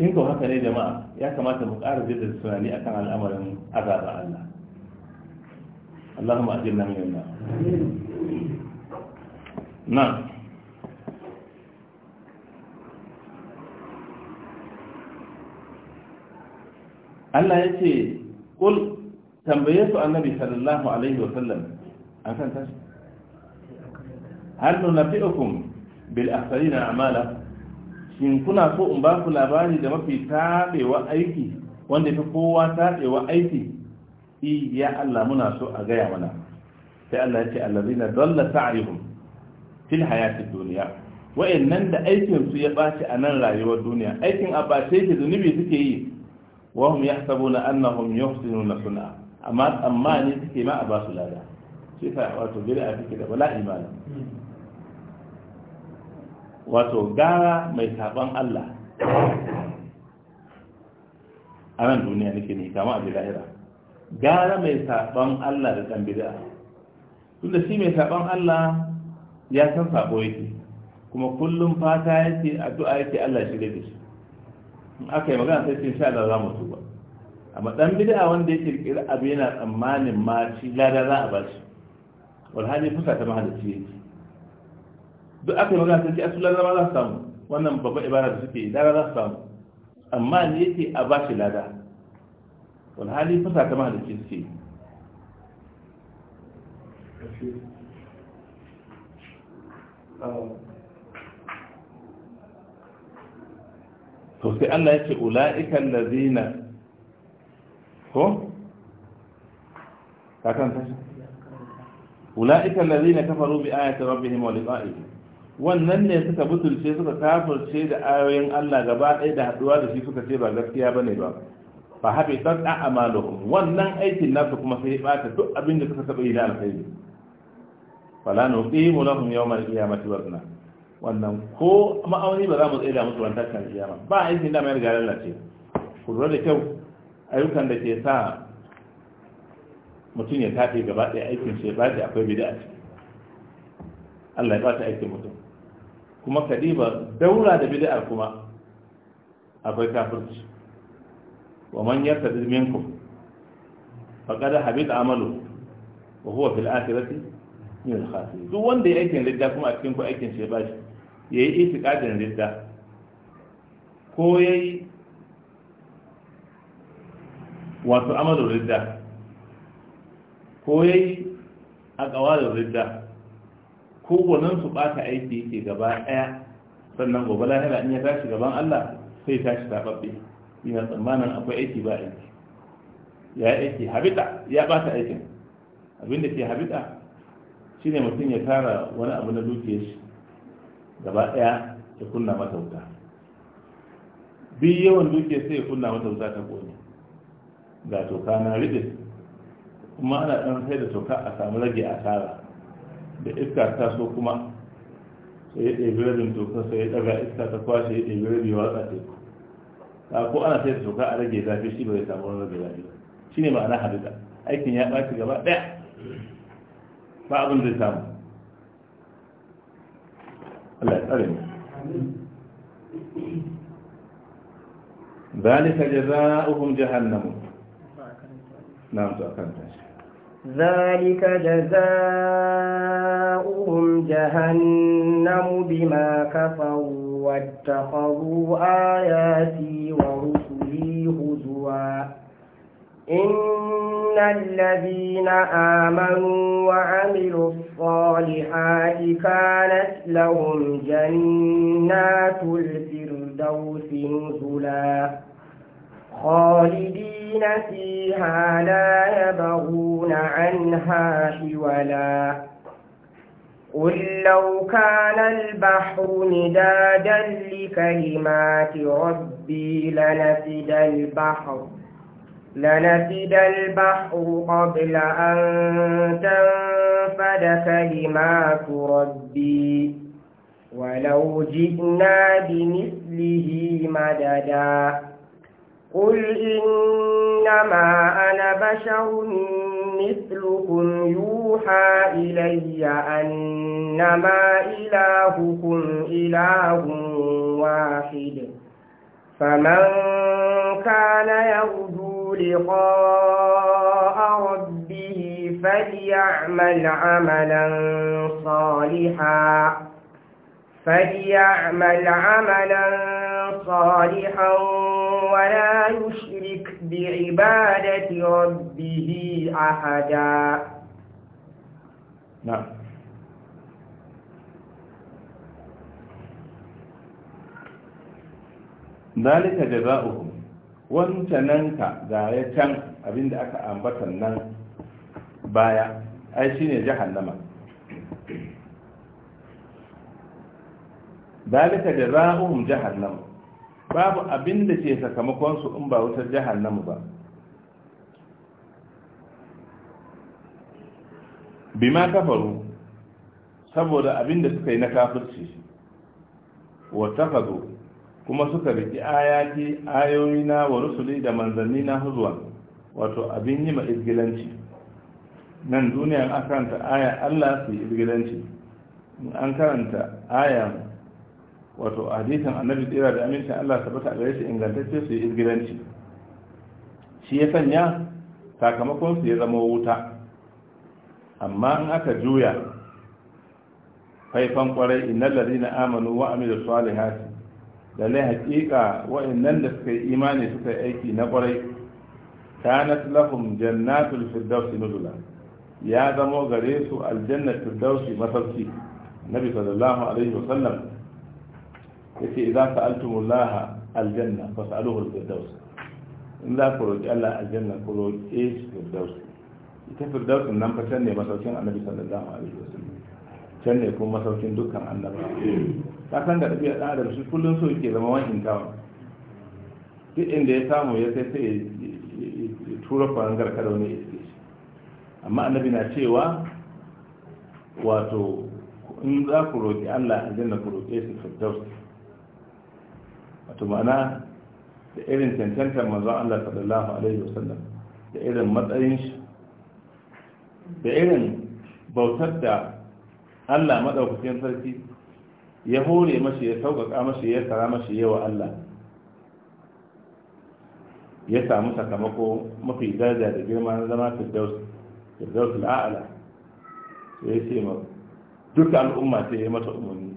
A: in ko haka ne jama'a ya kamata mu ƙara da tunani akan al'amarin azabar Allah Allahumma ajirna min Allah na Allah ya ce kul tambaye su annabi sallallahu alaihi wa sallam an kan tashi hal nunafi'ukum bil ahsarina a'mala shin kuna so in ba ku labari da mafi taɓewa aiki wanda fi kowa taɓewa aiki iya Allah muna so a gaya mana sai Allah ya ce allazina dalla sa'ihum fil hayatid dunya wayannan da aikin su ya baci a nan rayuwar duniya aikin a bace ke zunubi suke yi wa hum yahsabuna annahum yuhsinuna sun'a amma amma ne suke ma a ba su lada sai fa wato bid'a take da wala imani wato gara mai saban Allah a nan duniya nake ne kama a lahira gara mai saban Allah da ɗan bida tun da shi mai saban Allah ya san sabo yake kuma kullum fata yake addu'a yake Allah shi gaji shi in aka yi magana sai cin sha za mu ba. amma ɗan bida wanda ya kirkiri abu yana tsammanin ma shi lada za a ba shi walhali fusa ta mahalicci yake duk aka yi magana sun ce asu lada za su samu wannan babban ibara da suke lada za su samu amma ne yake a ba shi lada wani hali fasa ta mahalicci suke to sai Allah ya ce ula'ikan lazina ko? kakan tashi ula'ikan lazina kafaru bi ayatun rabbihim wa liqa'ihim wannan ne suka butulce suka kafirce da ayoyin Allah gaba ɗaya da haɗuwa da shi suka ce ba gaskiya ba ne ba fa haɓe san ɗan amaluhum wannan aikin nasu kuma sai ɓata duk abin da suka saba yi na alkhairi fala nuqimu lahum yawon qiyamati wazna wannan ko ma'auni ba za mu tsaya musu ran tashin kiyama ba aikin da mai riga lalace ku lura da kyau ayyukan da ke sa mutum ya tafi gaba ɗaya aikin shi ba akwai bid'a Allah ya ba ta aikin mutum kuma kadiba daura da bid'ar kuma akwai kafirci wa man yartadid minkum faqad habita amalu wa huwa fil akhirati min al khasirin duk wanda ya aikin ridda kuma a cikin ku aikin shi bashi yayi itiqadin ridda ko yayi wato amalu ridda ko yayi aqwalu ridda kowannen su bata aiki yake gaba daya sannan gobe lahira in ya tashi gaban Allah sai tashi tababbe ina tsammanin akwai aiki ba aiki ya aiki habita ya bata aikin abinda ke habita shine mutum ya tara wani abu na dukiyar shi gaba daya ya kunna mata wuta bi yawan dukiyar sai ya kunna mata wuta ta kone ga toka na ridin kuma ana ɗan sai da toka a samu rage asara da iska ta so kuma sai ya ɗebi rabin tokar sai ya ɗaga iska ta kwashe ya ɗebi rabi watsa teku ko ana sai da soka a rage zafi shi bai samu wani rage zafi shi ne ma'ana hadita aikin ya ɓaci gaba ɗaya ba abin zai samu Allah ya tsare mu ذلك جزاؤهم جهنم نعم تأكلت
B: ذلك جزاؤهم جهنم بما كفروا واتخذوا آياتي ورسلي هزوا إن الذين آمنوا وعملوا الصالحات كانت لهم جنات الفردوس نزلاً خالدين فيها لا يبغون عنها حولا قل لو كان البحر مدادا لكلمات ربي لنفد البحر لنفد البحر قبل أن تنفد كلمات ربي ولو جئنا بمثله مددا قل إنما أنا بشر مثلكم يوحى إلي أنما إلهكم إله واحد فمن كان يرجو لقاء ربه فليعمل عملا صالحا فليعمل عملا صالحا ولا يشرك بعبادة ربه أحدا نعم
A: ذلك جزاؤهم wancananka ga ya can abinda aka ambatan nan baya ai shine jahannama dalika jazaohum jahannam babu abin da ke sakamakonsu in ba wutar jahannamu ba bima kafaru saboda abin da suka yi na kafirci wata kuma suka riki ayati na wa rusuli da manzanni na huzuwa wato abin yi ma izgilanci nan duniyar an karanta aya allah su yi izgilanci an karanta ayan wato hadisin annabi tsira da amincin Allah tabbata a gare shi ingantacce su yi izgiranci shi ya sanya sakamakon su ya zama wuta amma in aka juya faifan kwarai innal ladina amanu wa amilu salihati lalle hakika wa'annan da suka yi imani suka yi aiki na kwarai kanat lahum jannatul firdausi nuzula ya zamo gare su aljannatul firdausi masauki nabi sallallahu alaihi wasallam yace idan sa'altumullaha aljanna fas'aluhu al in za ku roƙi Allah aljanna ku roƙe shi ita firdaus nan fa can ne masaukin annabi sallallahu alaihi wasallam can ne kuma masaukin dukkan annabi ka san da ɗabi'a ɗan adam shi kullum so yake zama wani kawo duk inda ya samu ya sai sai ya tura farangar kada wani iske shi amma annabi na cewa wato in za ku roƙi Allah aljanna ku roƙe su firdaus to ma'ana da irin cancantar manzon Allah sallallahu alaihi wasallam da irin matsayin shi da irin bautar da Allah madaukakin sarki ya hore mashi ya sauƙaƙa mashi ya tsara mashi yawa Allah ya samu sakamako mafi daraja da girma na zama firdaus firdaus la'ala, sai ya ce ma duka al'umma sai ya mata umarni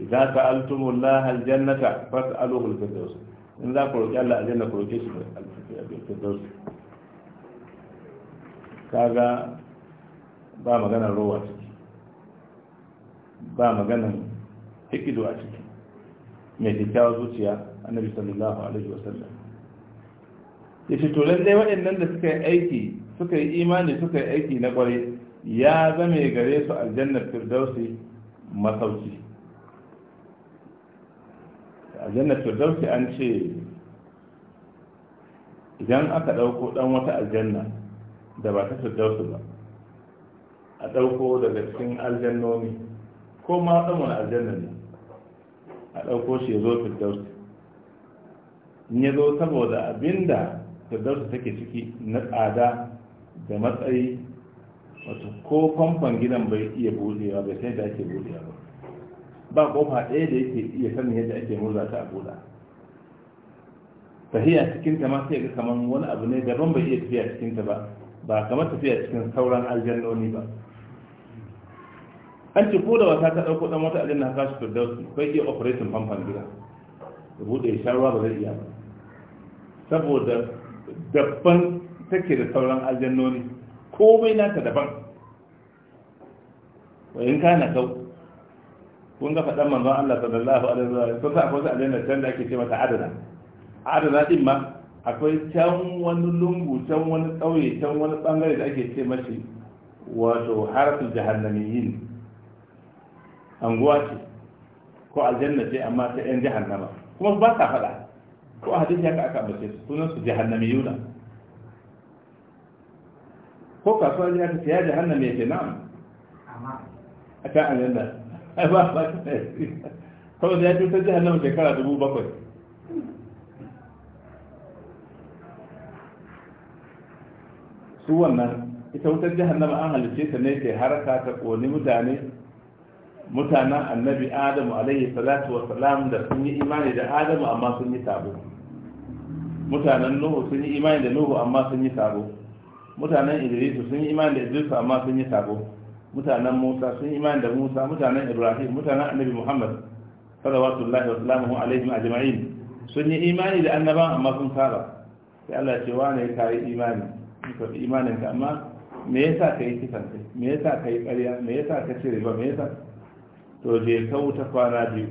A: idza sa'altumullaha aljannata fas'aluhu alfirdaus in za ku roki Allah aljanna ku roki shi alfirdaus kaga ba magana ruwa ciki ba magana hikido a ciki mai kyakkyawar zuciya annabi sallallahu alaihi wasallam ya ce tolen dai, waɗannan da suka yi aiki suka yi imani suka yi aiki na kwarai ya zame gare su aljannar firdausi masauki aljannar firdausi an ce idan aka ɗauko ɗan wata aljanna da ba ta firdausi ba a ɗauko daga cikin aljannomi ko ma ɗan wani aljanna ne a ɗauko shi ya zo firdausi in ya zo saboda abinda firdausi take ciki na tsada da matsayi wato ko famfan gidan bai iya buɗewa bai sai da ake buɗewa ba ba kofa ɗaya da yake iya sanin yadda ake murza ta a buɗa tafiya cikin ta ma sai ga kaman wani abu ne daban bai iya tafiya cikin ta ba ba kamar tafiya cikin sauran aljannoni ba an ci ko da wata ta ɗauko ɗan wata aljanna haka shi firdausi bai iya operation famfan gida da buɗe ya ba zai iya ba saboda daban take da sauran aljannoni komai nata daban wa in kana kau kun ga faɗan manzon Allah sallallahu alaihi wasallam kun sa akwai aljanna can da ake ce mata adana adana din ma akwai can wani lungu can wani ƙauye can wani bangare da ake ce mashi wato haratul jahannamiyin anguwa ce ko aljanna ce amma ta yan jahannama kuma ba ta faɗa ko a hadisi haka aka ambace su sunan su jahannamiyuna ko kasuwa ji haka ya jahannami ya ce na'am a kan aljanna ai ba ba ta kawai da ya cuta jihannama shekara dubu bakwai su wannan ita wutar jihannama an halice ta ne ke haraka ta ƙoni mutane mutanen annabi adamu alaihi salatu wa salam da sun yi imani da adamu amma sun yi tabo mutanen nuhu sun yi imani da nuhu amma sun yi tabo mutanen idrisu sun yi imani da idrisu amma sun yi tabo mutanen Musa sun imani da Musa mutanen Ibrahim mutanen Annabi Muhammad sallallahu alaihi wa sallamu alaihim ajma'in sun yi imani da annaban amma sun saba sai Allah ce wa ne kai imani ka fi imanin ka amma me yasa kai kisan kai me yasa kai ƙarya me yasa ka ce ba me yasa to je ka wuta kwana biyu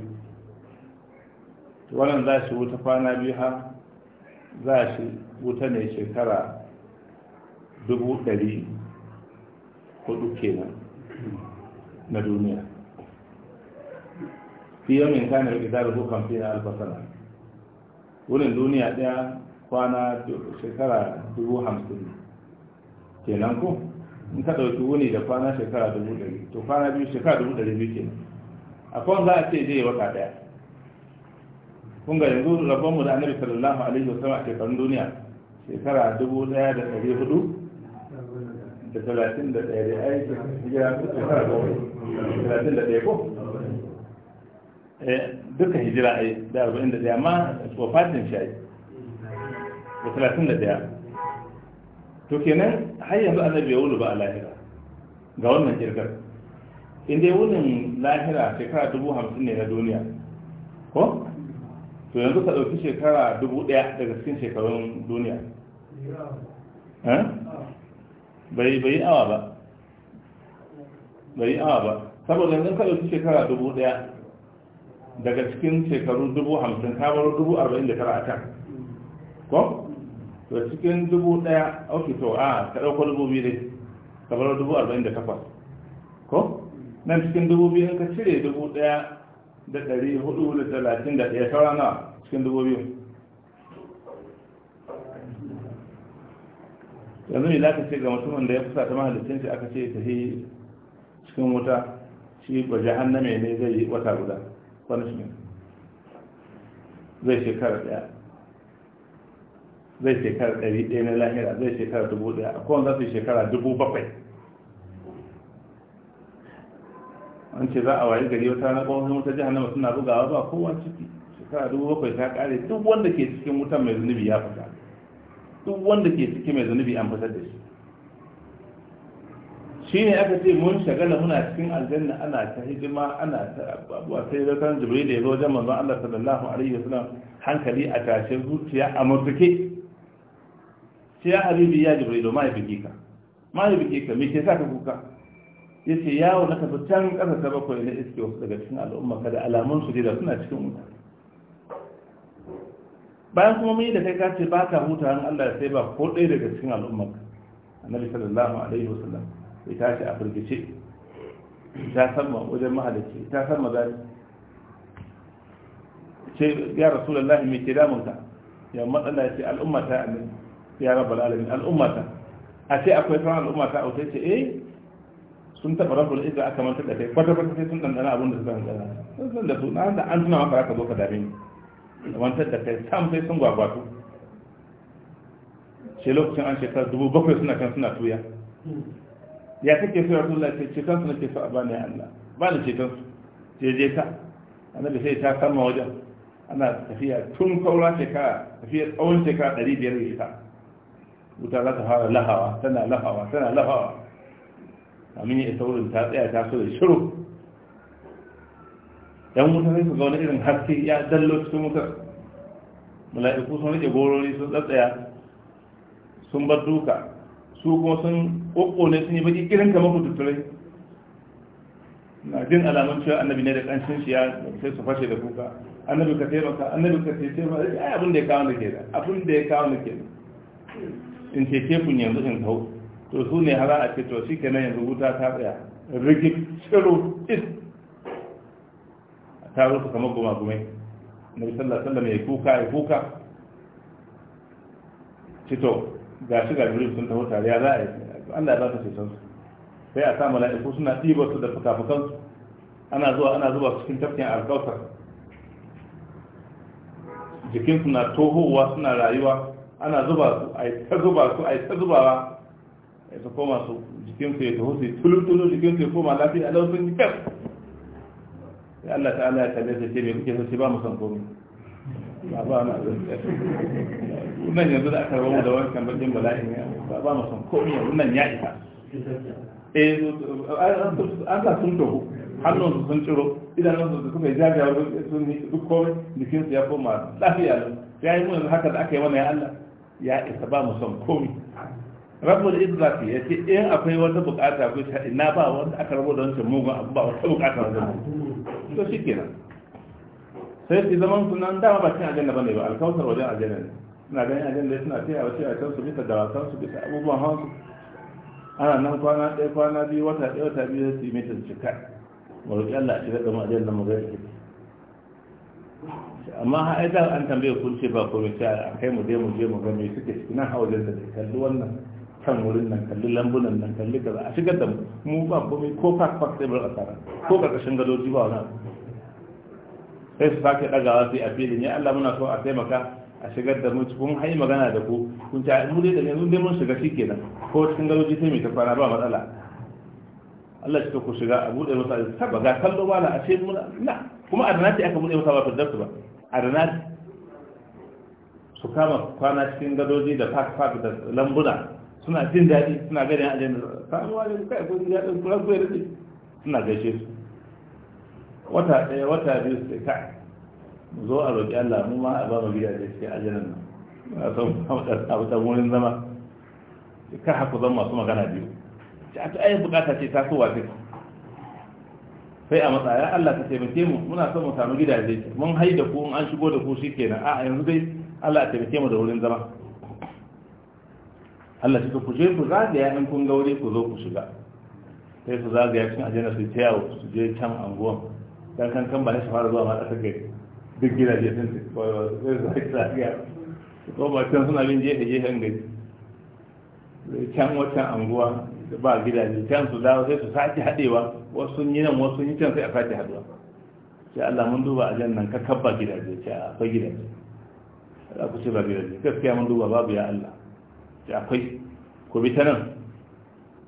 A: to wannan za shi wuta kwana biyu ha za shi wuta ne shekara dubu ɗari hudu kenan na duniya fi yau min kanar idar bukan fiye alfasana wurin duniya ɗaya kwana shekara dubu hamsin kenan ko in ka dauki wuni da kwana shekara dubu ɗari to kwana biyu shekara dubu ɗari biyu kenan a kwan za a ce je wata ɗaya kun ga yanzu rabonmu da annabi sallallahu alaihi wasallam a shekarun duniya shekara dubu ɗaya da da talatin da ɗaya da aiki hijira su shekara da talatin da ɗaya ko eh, duka hijira a yi da arba'in da ɗaya amma wafatin shi a yi. da talatin da ɗaya to kenan har yanzu annabi ya wulu ba a lahira ga wannan kirkar in dai wunin lahira shekara dubu hamsin ne na duniya ko to yanzu ka ɗauki shekara dubu ɗaya daga cikin shekarun duniya eh? bai bai awa ba bai awa ba saboda yanzu ka ɗauki shekara dubu daya daga cikin shekaru dubu hamsin ka baro dubu arba'in da tara a can ko to cikin dubu daya ok to a ka ɗauko dubu biyu dai ka baro dubu arba'in da takwas ko nan cikin dubu biyu ka cire dubu daya da ɗari hudu da talatin da ɗaya saura nawa cikin dubu biyu yanzu ne za ka ce ga mutumin da ya fusa ta mahalicin shi aka ce ta yi cikin wuta shi ba jahannama ne zai yi wata guda punishment zai shekara daya zai shekara ɗari ɗaya na lahira zai shekara dubu ɗaya a kowane za su yi shekara dubu bakwai an ce za a wayi gari wata na ƙwaƙwasin wuta jihannama suna bugawa ba kowa ciki shekara dubu bakwai ta ƙare duk wanda ke cikin wuta mai zunubi ya fita duk wanda ke ciki mai zunubi an fitar da shi shi ne aka ce mun shagala muna cikin aljanna ana ta hidima ana ta abubuwa sai da kan jibril da ya zo wajen manzon Allah sallallahu alaihi wasallam hankali a tashe zuciya a mutuke sai ya habibi ya jibril ma ya bige ka ma ya bige ka me ke sa ka kuka yace yawo na tafi can kasa ta bakwai na iske wasu daga cikin al'umma kada alamun su da suna cikin wuta bayan kuma mun yi da kai ka ce ba ka huta an Allah sai ba ko ɗaya daga cikin al'ummarka annabi sallallahu alaihi wasallam ya ce a firgice ta san wajen mahalicci ta san mazari ce ya rasulullahi me ke damunka ya matsala ce al'ummata annabi ya rabbal alamin al'ummata a ce akwai sauran al'ummata a wuce ce eh sun taɓa rabbul izza aka mantar da kai kwata kwata sai sun dandana abin da suka dandana sun da su na da an tuna maka aka zo ka dame ni da wantar da kai sam sai sun gwagwato shi lokacin an shekar dubu bakwai suna kan suna tuya ya kake so ya tulla ce cikin su nake so a bani Allah ba ni cikin su je je ka annabi sai ta kama wajen ana tafiya tun kaura shekara tafiya tsawon shekara ɗari biyar da ita wuta za ta fara lahawa tana lahawa tana lahawa amin ya isa wurin ta tsaya ta so da shiru yan wuta sai su ga wani irin haske ya dallo su mutar mala'iku sun rike gorori sun tsatsaya sun bar duka su kuma sun ƙoƙone sun yi baki kama kamar kututturai na jin alamun cewa annabi ne da ƙanshin shi ya sai su fashe da kuka annabi ka taimaka annabi ka taimaka yi abin da ya kawo da ke da abin da ya kawo da ke da in ce kun yanzu in hau to su ne hara a ce to shi kenan yanzu wuta ta tsaya rigid shiru is ta su kamar goma Na nabi sallallahu alaihi wasallam ya kuka ya kuka cito ga shi ga jibril sun taho tare ya za a yi Allah ya ba su ceton su sai a sa mala'iku suna ɗibar su da fuka su ana zuwa ana zuba cikin tafkin alkautar jikinsu na tohowa suna rayuwa ana zuba su a yi ta zuba su a yi ta zubawa ya ta koma su jikinsu ya taho su tulu jikinsu ya koma lafiya a lausun jikinsu ya Allah ta'ala ya kalle sai ce kuke sai ba mu san komai ba ba na wannan yanzu da aka rawu da wancan bakin bala'in ba ba mu san komai wannan ya isa eh an ka sun toho hannun sun ciro idanun su suka yi ga sun yi duk komai jikin su ya koma lafiya lau ya yi mun haka da aka yi wannan ya Allah ya isa ba mu son komai rabbul izzati ya ce in akwai wata bukata ko ta ina ba wanda aka rabu da wancan mugun abu ba wata bukata mu to shi kenan sai su zaman su nan dama ba cin ba ne ba alkawtar wajen ajiyar ne suna ganin da suna a wasu a can su bisa wasan su bisa abubuwan hansu ana nan kwana ɗaya kwana biyu wata ɗaya wata biyu su yi mitin cika mu roƙi Allah a shiga mu aljanna mu ga amma ha ai da an tambaye kun ce ba komai sai a kai mu je mu je mu ga me suke cikin hawajen da kalli wannan kan wurin nan kalli lambunan nan kalli kaza a shigar da mu ba komai ko park park sai bar asara ko karkashin gadoji ba wani sai su sake dagawa sai a filin ya Allah muna so a taimaka a shigar da mu kun hayi magana da ku kun ta mu dai da yanzu dai mun shiga shikenan ko cikin gadoji sai mai tafara ba matsala Allah shi ku shiga a bude masa saba ga kallo bala a ce muna na kuma a ranati aka bude masa ba fitar ba a ranati su kama kwana cikin gadoji da park park da lambuna suna jin daɗi suna gani a jami'ar samuwa ne kai ko jin daɗin kuma kuwa daɗi suna gaishe su wata ɗaya wata biyu su ka. mu zo a roƙi Allah mu ma a ba mu gida da shi a jami'ar nan a san abu ta wurin zama kar haku zan masu magana biyu ta ta ayi bukata ce ta kowa ce sai a matsaya Allah ta taimake mu muna son mu samu gidaje mun haida ku an shigo da ku kenan. a'a yanzu dai Allah ya taimake mu da wurin zama Allah suka ku je ku zagaya in kun wuri ku zo ku shiga sai su zagaya cikin ajiyar su ta yawo su je can anguwan dan kan kan bane na fara zuwa ma ƙasar kai duk gidaje sun su sai su zagaya ko ba can suna bin jefe jefen gari can wancan anguwa ba gidaje can su dawo sai su sake haɗewa wasu sun yi nan wasu sun yi can sai a sake haɗuwa sai Allah mun duba a jan nan ka kabba gidaje ce akwai gidaje za ku ce ba gidaje gaskiya mun duba babu ya Allah ce akwai ku bi ta nan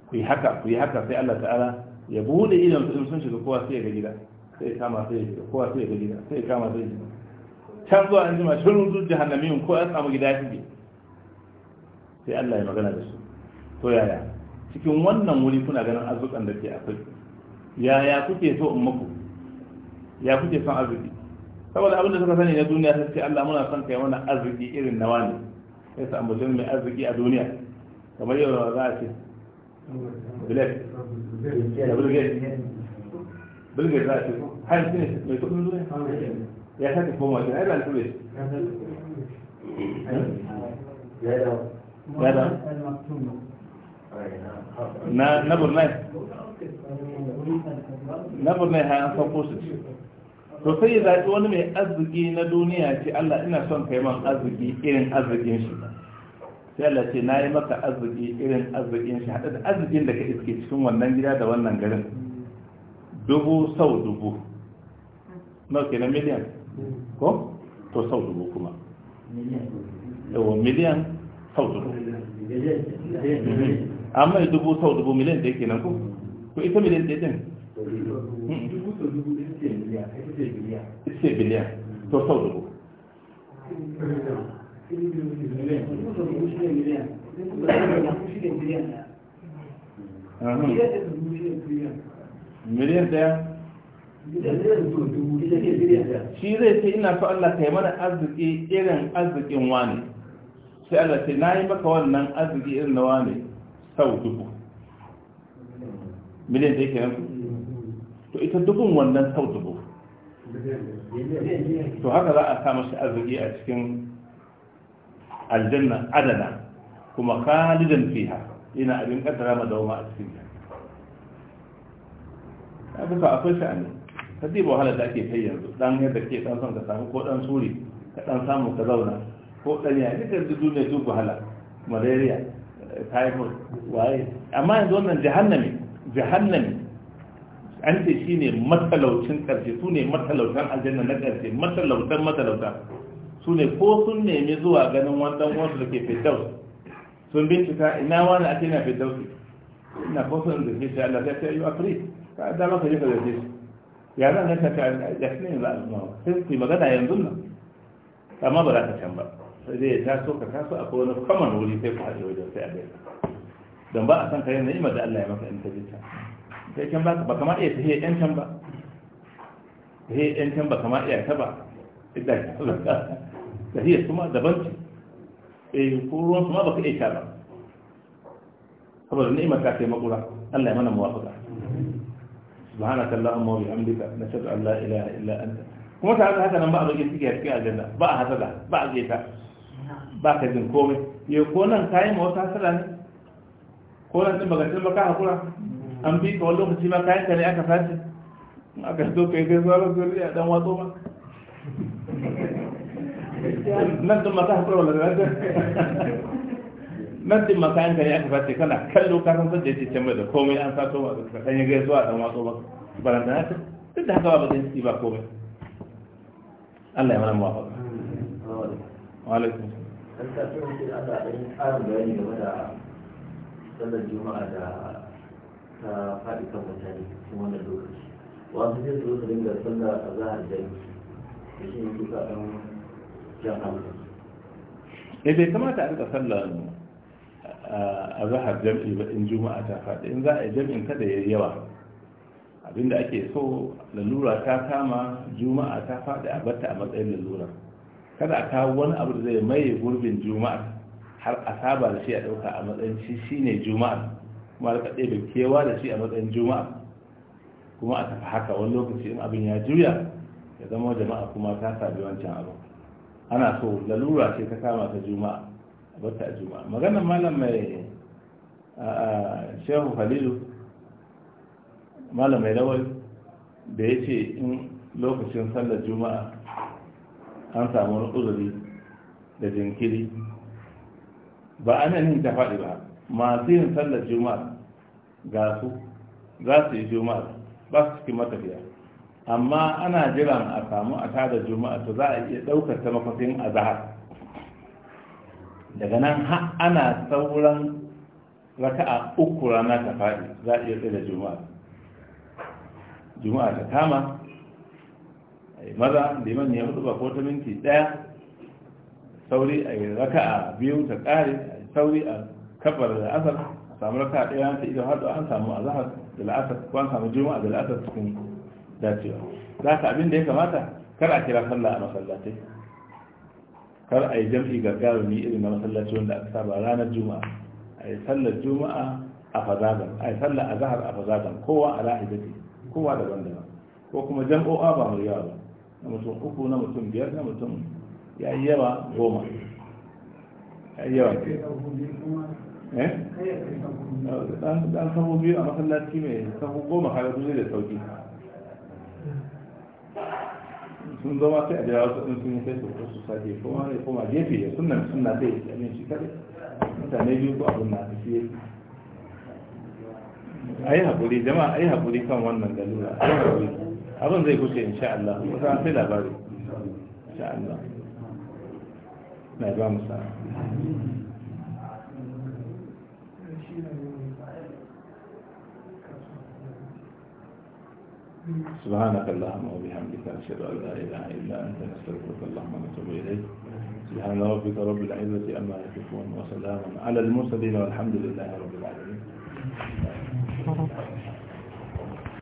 A: ku yi haka ku yi haka sai Allah ta'ala ya bude idan su sun shiga kowa sai ya ga gida sai ya kama sai ya shiga kowa sai ya ga gida sai ya kama sai ya shiga can zuwa an jima shirin zuwa jahannamiyin ko an samu gida ya shige sai Allah ya magana da su to yaya cikin wannan wuri kuna ganin arzikin da ke akwai yaya kuke so in muku ya kuke son arziki saboda abin da suka sani na duniya sai Allah muna son kai mana arziki irin nawa ne ya samu mutum mai arziki a duniya kamar yau za a ce bilek da za a ce har shi ne mai kudin duniya ya sake kuma wajen ya zalta bai na burnai na burnai ha an san kusa to sai ya zaɓi wani mai arziki na duniya ce Allah ina son kai man arziki irin arzikin shi sai Allah ce na yi maka arziki irin arzikin shi haɗa da arzikin da ka iske cikin wannan gida da wannan garin dubu sau dubu na ke na miliyan ko to sau dubu kuma yawon miliyan sau dubu amma dubu sau dubu miliyan da yake nan ko ko ita miliyan ɗaya ce biliyan to sau dubu miliyan daya shi zai ce ina so Allah kai mana arziki irin arzikin wani sai Allah ce na yi maka wannan arziki irin na wani sau dubu miliyan da yake yanku to ita dubun wannan sau dubu to haka za a samu shi arziki a cikin aljanna adana kuma khalidan fiha ina abin kaddara madawama a cikin ya fi akwai sha'ani ta zai wahala da ake kai yanzu dan yadda ke dan son ka samu ko dan suri ka dan samu ka zauna ko dan ya duka da duniya duk wahala malaria typhoid waye amma yanzu wannan jahannami jahannami an ce shi ne matsalaucin ƙarshe su ne matalautan aljanna na ƙarshe matalautan matalauta su ne ko sun nemi zuwa ganin wanda wasu da ke firdaus sun bincika ina wani ake na su ina ko sun da shi Allah zai ta yi wa free ka da maka je ka zai shi ya zan ga tafi a shi yanzu al'umma sai su magana yanzu nan amma ba za ka can ba sai dai ya taso ka taso akwai wani kaman wuri sai ku haɗe wajen sai a bai don ba a san ka yi na'imar da Allah ya maka in ta jita sai can baka ba kamar iya ta hiyar yan can ba ta hiyar yan ba kamar iya ta ba idan ka zaka ta kuma daban ce eh ko ruwan kuma baka iya ta ba saboda ma ta kai makura Allah ya mana muwafaqa subhanaka allahumma wa bihamdika nashhadu an la ilaha illa anta kuma ta haka nan ba a bakin cikin cikin aljanna ba a hasada ba a zeta ba ka jin komai yau ko nan kayi ma wata hasada ne ko nan din baka tilba ka hakura an bi ka wani lokaci ma kayan ka ne aka sace in aka zo kai kai sauran zuri a dan watso ba nan din maka haƙura wala zai nan din maka yanka ne aka sace kana kallo ka san sadda yake can da komai an sato ba ka kan yi gaisuwa dan watso ba baranda ta duk da haka ba zai ci ba komai Allah ya mana mu wa alaikum salam an tafi wani da aka yi ƙarin bayani game da sallar juma'a da Ka faɗi kan mutane cikin wannan lokaci wasu sai su zo dinga sallah a zahar jami'i da shi ne ka ɗan jan hankali. Eh bai kamata a rika sallah a zahar jam'i ba in juma'a ta faɗi in za a yi jam'in kada ya yi yawa abinda ake so lalura ta kama juma'a ta faɗi a batta a matsayin lalura kada a kawo wani abu da zai maye gurbin juma'a har a saba da shi a ɗauka a matsayin shi shine juma'a kuma da rika kewa da shi a matsayin juma'a kuma a tafi haka wani lokaci in abin ya juya ya zama jama'a kuma ta sabi wancan abu ana so lalura ce ta kama ta juma'a a bata juma'a maganar malam mai shehu halilu malam mai rawar da ya ce in lokacin sallar juma'a an samu wani uzuri da jinkiri ba ana yin ta faɗi ba masu yin sallar juma'a ga su za su yi juma'a ba su cikin matafiya amma ana jiran a samu a tada juma'a to za a iya ɗaukar ta mafafin azahar daga nan ana sauran raka'a uku rana ta faɗi za a iya tsaye da juma'a juma'a ta kama maza liman ya hudu ba ko ta minti ɗaya sauri a yi raka'a biyu ta ƙare sauri a kafar da asar samu raka ɗaya ta idan har an samu azahar da la'asar ko an samu juma'a da la'asar cikin dacewa za ka abin da ya kamata kar a kira sallah a masallatai kar a yi jam'i ni irin na masallaci wanda aka saba ranar juma'a a yi sallar juma'a a fazagan a yi sallar azahar a fazagan kowa a rahibati kowa daban daban ko kuma jam'o'a ba mu yawa na mutum uku na mutum biyar na mutum ya yi yawa goma ya yi yawa Eh? dan sahu biyu a masallaci mai sahu goma kaga sun da sauki sun zama sai a jira wasu sun yi sai su su sake kuma ne kuma gefe ya sunan suna sai ya amin shi kaɗai mutane biyu ko abin na tafi tafiye a yi haƙuri jama a yi haƙuri kan wannan galura abin zai kuce in sha Allah wata an sai labari sha Allah na ba musa. سبحانك اللهم وبحمدك أشهد أن لا إله إلا أنت نستغفرك اللهم ونتوب إليك سبحان ربك رب العزة أما يصفون وسلام على المرسلين والحمد لله رب العالمين